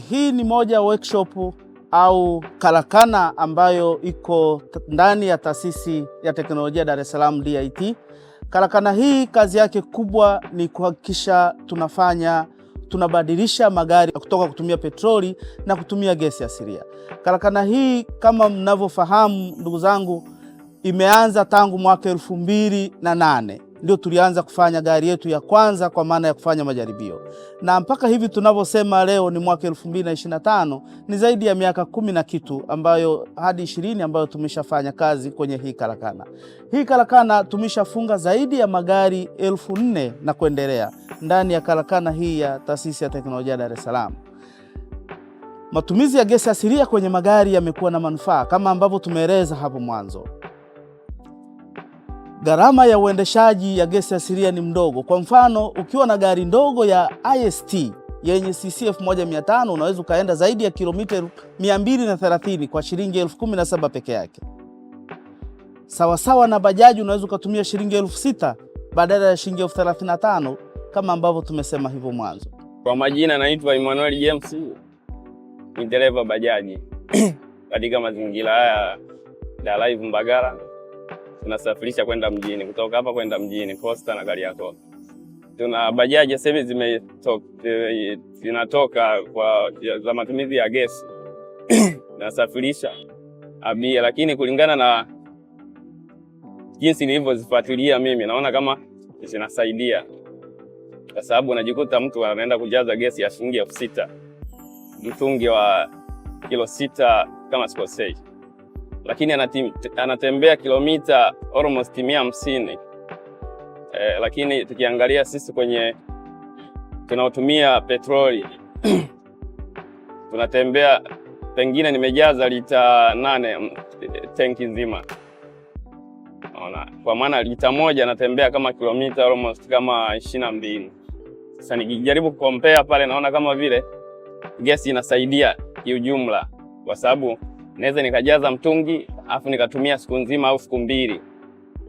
Hii ni moja workshop au karakana ambayo iko ndani ya taasisi ya teknolojia Dar es Salaam DIT. Karakana hii kazi yake kubwa ni kuhakikisha tunafanya tunabadilisha magari kutoka kutumia petroli na kutumia gesi asilia. Karakana hii kama mnavyofahamu, ndugu zangu, imeanza tangu mwaka elfu mbili na nane ndio tulianza kufanya gari yetu ya kwanza kwa maana ya kufanya majaribio, na mpaka hivi tunavyosema leo ni mwaka 2025 ni zaidi ya miaka kumi na kitu ambayo hadi ishirini ambayo tumeshafanya kazi kwenye hii karakana. Hii karakana tumeshafunga zaidi ya magari elfu nne na kuendelea ndani ya karakana hii ya Taasisi ya Teknolojia Dar es Salaam. Matumizi ya gesi asilia kwenye magari yamekuwa na manufaa kama ambavyo tumeeleza hapo mwanzo gharama ya uendeshaji ya gesi asilia ni mdogo. Kwa mfano, ukiwa na gari ndogo ya ist yenye cc 1500 unaweza ukaenda zaidi ya kilomita 230 kwa shilingi elfu na saba peke yake. Sawasawa na bajaji unaweza ukatumia shilingi elfu badala ya shilingi elfu kama ambavyo tumesema hivyo mwanzo. Kwa majina naitwa Emmanuel James, ni dereva bajaji katika mazingira haya ya live Mbagala tunasafirisha kwenda mjini, kutoka hapa kwenda mjini Posta na Kariakoo. Tuna bajaji sasa hivi zinatoka kwa za matumizi ya gesi nasafirisha abia, lakini kulingana na jinsi nilivyozifuatilia mimi naona kama zinasaidia, kwa sababu unajikuta mtu anaenda kujaza gesi ya shilingi elfu sita mtungi wa kilo sita kama sikosei lakini anatembea kilomita almost mia hamsini eh, lakini tukiangalia sisi kwenye tunaotumia petroli tunatembea pengine nimejaza lita nane mm, tenki nzima ona, kwa maana lita moja natembea kama kilomita almost kama ishirini na mbili. Sasa nikijaribu kukompea pale, naona kama vile gesi inasaidia kiujumla, kwa sababu naweza nikajaza mtungi afu nikatumia siku nzima au siku mbili.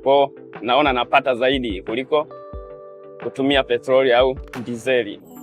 Kwa naona napata zaidi kuliko kutumia petroli au dizeli.